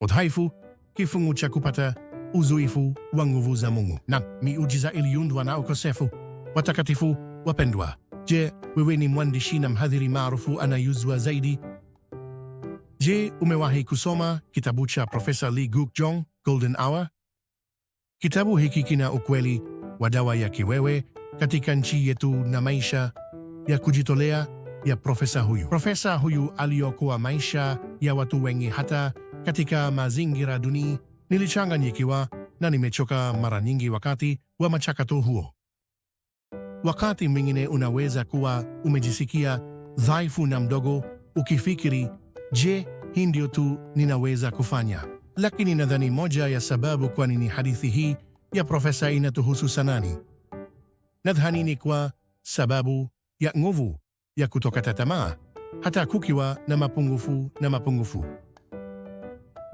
udhaifu, kifungu cha kupata uzuifu wa nguvu za Mungu na miujiza iliundwa na ukosefu. Watakatifu wapendwa, je, wewe ni mwandishi na mhadhiri maarufu anayuzwa zaidi? Je, umewahi kusoma kitabu cha Profesa Lee Guk Jong, Golden Hour? Kitabu hiki kina ukweli wa dawa ya kiwewe katika nchi yetu na maisha ya kujitolea ya profesa huyu. Profesa huyu aliokoa maisha ya watu wengi hata katika mazingira duni, nilichanganyikiwa na nimechoka mara nyingi wakati wa machakato huo. Wakati mwingine unaweza kuwa umejisikia dhaifu na mdogo, ukifikiri, je, hii ndio tu ninaweza kufanya? Lakini nadhani moja ya sababu kwa nini hadithi hii ya Profesa inatuhusu sanani, nadhani ni kwa sababu ya nguvu ya kutokata tamaa hata kukiwa na mapungufu na mapungufu.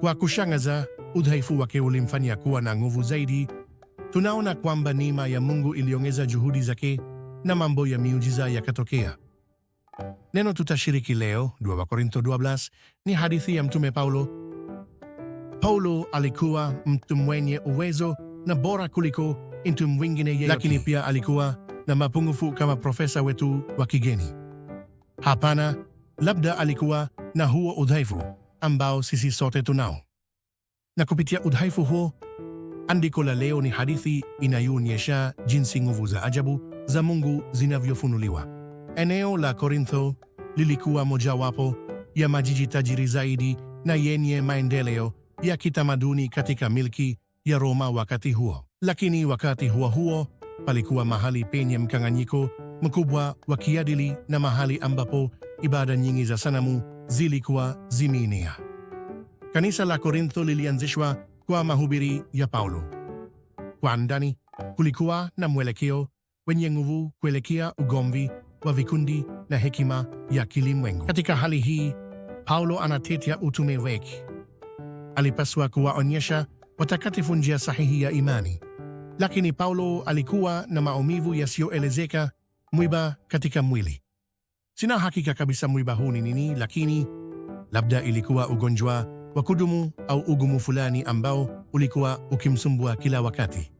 Kwa kushangaza, udhaifu wake ulimfanya kuwa na nguvu zaidi. Tunaona kwamba neema ya Mungu iliongeza juhudi zake na mambo ya miujiza yakatokea. Neno tutashiriki leo, 2 Wakorintho 12, ni hadithi ya Mtume Paulo. Paulo alikuwa mtu mwenye uwezo na bora kuliko mtu mwingine yeyote, lakini pia alikuwa na mapungufu kama profesa wetu wa kigeni. Hapana, labda alikuwa na huo udhaifu ambao sisi sote tunao. Na kupitia udhaifu huo, andiko la leo ni hadithi inayoonyesha jinsi nguvu za ajabu za Mungu zinavyofunuliwa. Eneo la Korintho lilikuwa mojawapo ya majiji tajiri zaidi na yenye maendeleo ya kitamaduni katika milki ya Roma wakati huo. Lakini wakati huo huo palikuwa mahali penye mkanganyiko mkubwa wa kiadili na mahali ambapo ibada nyingi za sanamu zilikuwa zimeenea. Kanisa la Korintho lilianzishwa kwa mahubiri ya Paulo. Kwa ndani kulikuwa na mwelekeo wenye nguvu kuelekea ugomvi wa vikundi na hekima ya kilimwengu. Katika hali hii, Paulo anatetea utume wake. Alipaswa kuwaonyesha watakatifu njia sahihi ya imani, lakini Paulo alikuwa na maumivu yasiyoelezeka, mwiba katika mwili. Sina hakika kabisa mwiba huu ni nini, lakini labda ilikuwa ugonjwa wa kudumu au ugumu fulani ambao ulikuwa ukimsumbua kila wakati.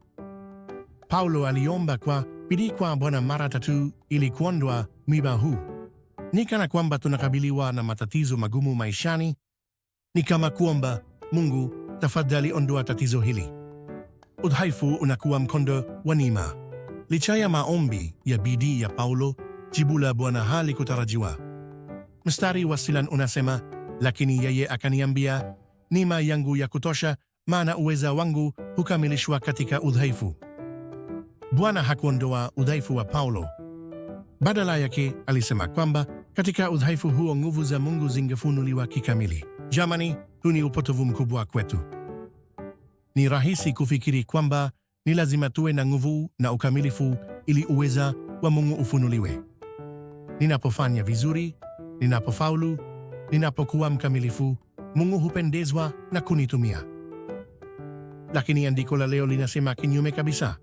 Paulo aliomba kwa bidii kwa Bwana mara tatu ili kuondoa huu Ni kana kwamba tunakabiliwa na matatizo magumu maishani, ni kama kuomba Mungu, tafadhali ondoa tatizo hili. Udhaifu unakuwa mkondo wa neema. Licha ya maombi ya bidii ya Paulo, jibu la bwana halikutarajiwa. Mstari wa silan unasema, lakini yeye akaniambia, nima yangu ya kutosha, maana uweza wangu hukamilishwa katika udhaifu. Bwana hakuondoa udhaifu wa Paulo. Badala yake alisema kwamba katika udhaifu huo nguvu za Mungu zingefunuliwa kikamili. Jamani, huu ni upotovu mkubwa kwetu. Ni rahisi kufikiri kwamba ni lazima tuwe na nguvu na ukamilifu ili uweza wa Mungu ufunuliwe. Ninapofanya vizuri, ninapofaulu, ninapokuwa mkamilifu, Mungu hupendezwa na kunitumia. Lakini andiko la leo linasema kinyume kabisa.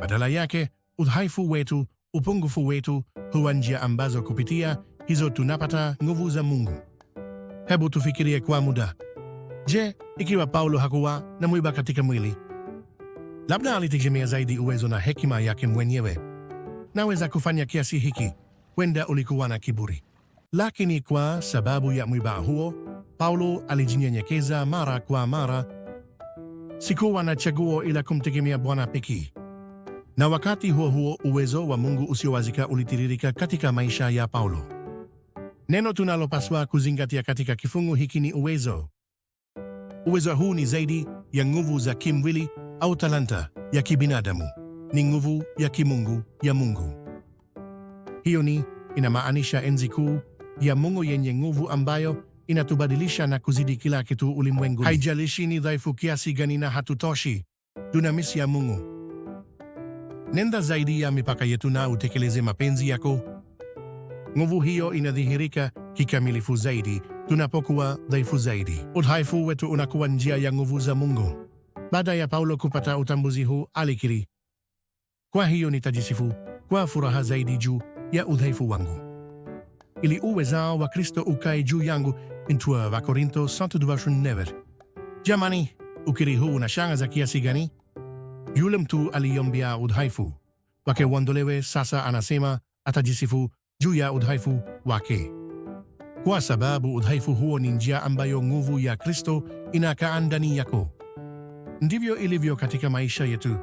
Badala yake, udhaifu wetu, upungufu wetu huwa njia ambazo kupitia hizo tunapata nguvu za Mungu. Hebu tufikirie kwa muda. Je, ikiwa Paulo hakuwa na mwiba katika mwili, labda alitegemea zaidi uwezo na hekima yake mwenyewe, naweza kufanya kiasi hiki huenda ulikuwa na kiburi. Lakini kwa sababu ya mwiba huo, Paulo alijinyenyekeza mara kwa mara. Sikuwa na chaguo ila kumtegemea Bwana pekee. Na wakati huo huo uwezo wa Mungu usiowazika ulitiririka katika maisha ya Paulo. Neno tunalopaswa kuzingatia katika kifungu hiki ni uwezo. Uwezo huu ni zaidi ya nguvu za kimwili au talanta ya kibinadamu. Ni nguvu ya kimungu ya Mungu. Hiyo ni inamaanisha enzi kuu ya Mungu yenye nguvu ambayo inatubadilisha na kuzidi kila kitu ulimwenguni. Haijalishi ni dhaifu kiasi gani na hatutoshi, dunamisi ya Mungu. Nenda zaidi ya mipaka yetu na utekeleze mapenzi yako. Nguvu hiyo inadhihirika kikamilifu zaidi tunapokuwa dhaifu zaidi. Udhaifu wetu unakuwa njia ya nguvu za Mungu. Baada ya Paulo kupata utambuzi huu, alikiri, kwa hiyo nitajisifu kwa furaha zaidi juu ya udhaifu wangu, ili uwezao wa Kristo ukae juu yangu. Intua wa Korinto 9. Jamani, ukiri huu za kiasi gani? Yule mtu aliyombia udhaifu wake uondolewe, sasa anasema atajisifu juu ya udhaifu wake, kwa sababu udhaifu huo ni njia ambayo nguvu ya Kristo inakaa ndani yako. Ndivyo ilivyo katika maisha yetu.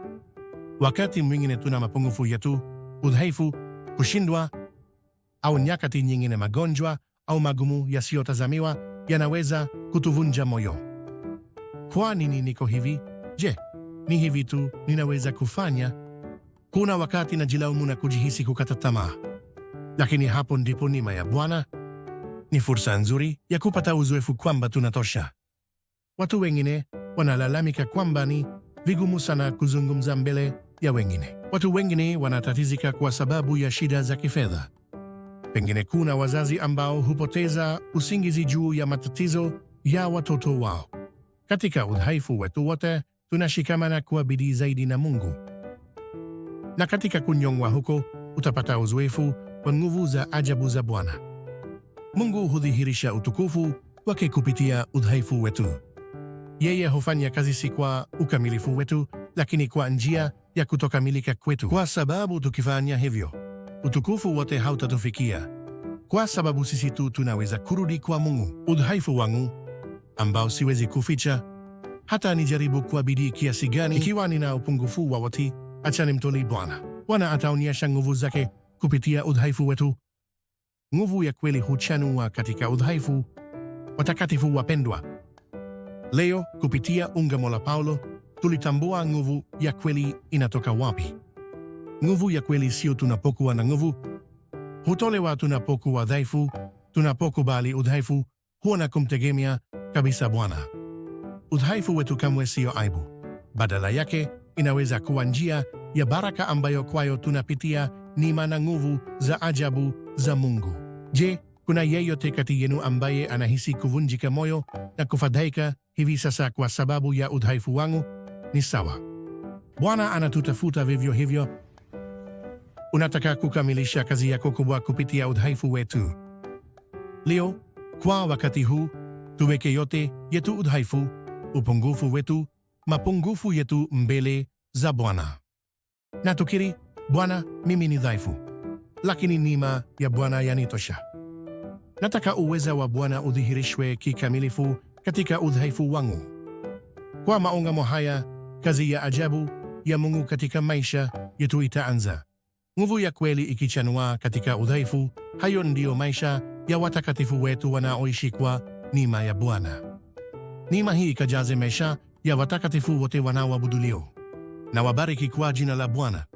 Wakati mwingine tuna mapungufu yetu, udhaifu kushindwa au nyakati nyingine magonjwa au magumu yasiyotazamiwa yanaweza kutuvunja moyo. Kwa nini niko hivi? Je, ni hivi tu ninaweza kufanya? Kuna wakati na jilaumu na kujihisi kukata tamaa, lakini hapo ndipo neema ya Bwana ni fursa nzuri ya kupata uzoefu kwamba tunatosha. Watu wengine wanalalamika kwamba ni vigumu sana kuzungumza mbele ya wengine. Watu wengine wanatatizika kwa sababu ya shida za kifedha. Pengine kuna wazazi ambao hupoteza usingizi juu ya matatizo ya watoto wao. Katika udhaifu wetu wote tunashikamana kwa bidii zaidi na Mungu, na katika kunyongwa huko utapata uzoefu wa nguvu za ajabu za Bwana. Mungu hudhihirisha utukufu wake kupitia udhaifu wetu. Yeye hufanya kazi si kwa ukamilifu wetu, lakini kwa njia ya kutokamilika kwetu, kwa sababu tukifanya hivyo utukufu wote hautatufikia, kwa sababu sisi tu tunaweza kurudi kwa Mungu. Udhaifu wangu ambao siwezi kuficha, hata nijaribu kwa bidii kiasi gani, ikiwa nina upungufu wowote, acha nimtoni Bwana. Bwana ataonyesha nguvu zake kupitia udhaifu wetu. Nguvu ya kweli huchanua katika udhaifu. Watakatifu wapendwa, leo kupitia ungamo la Paulo tulitambua nguvu ya kweli inatoka wapi. Nguvu ya kweli sio tunapokuwa na nguvu, hutolewa tunapokuwa dhaifu. Tunapokubali udhaifu huwa na kumtegemea kabisa Bwana. Udhaifu wetu kamwe sio aibu, badala yake inaweza kuwa njia ya baraka ambayo kwayo tunapitia neema na nguvu za ajabu za Mungu. Je, kuna yeyote kati yenu ambaye anahisi kuvunjika moyo na kufadhaika hivi sasa kwa sababu ya udhaifu wangu? ni sawa. Bwana anatutafuta vivyo hivyo. Unataka kukamilisha kazi yako kubwa kupitia udhaifu wetu. Leo kwa wakati huu, tuweke yote yetu udhaifu, upungufu wetu, mapungufu yetu mbele za Bwana na tukiri, Bwana, mimi ni dhaifu, lakini neema ya Bwana yanitosha. Nataka uweza wa Bwana udhihirishwe kikamilifu katika udhaifu wangu. Kwa maungamo haya kazi ya ajabu ya Mungu katika maisha yetu itaanza, nguvu ya kweli ikichanua katika udhaifu. Hayo ndiyo maisha ya watakatifu wetu wanaoishi kwa neema ya Bwana. Neema hii ikajaze maisha ya watakatifu wote wanaoabudu leo. Na wabariki kwa jina la Bwana.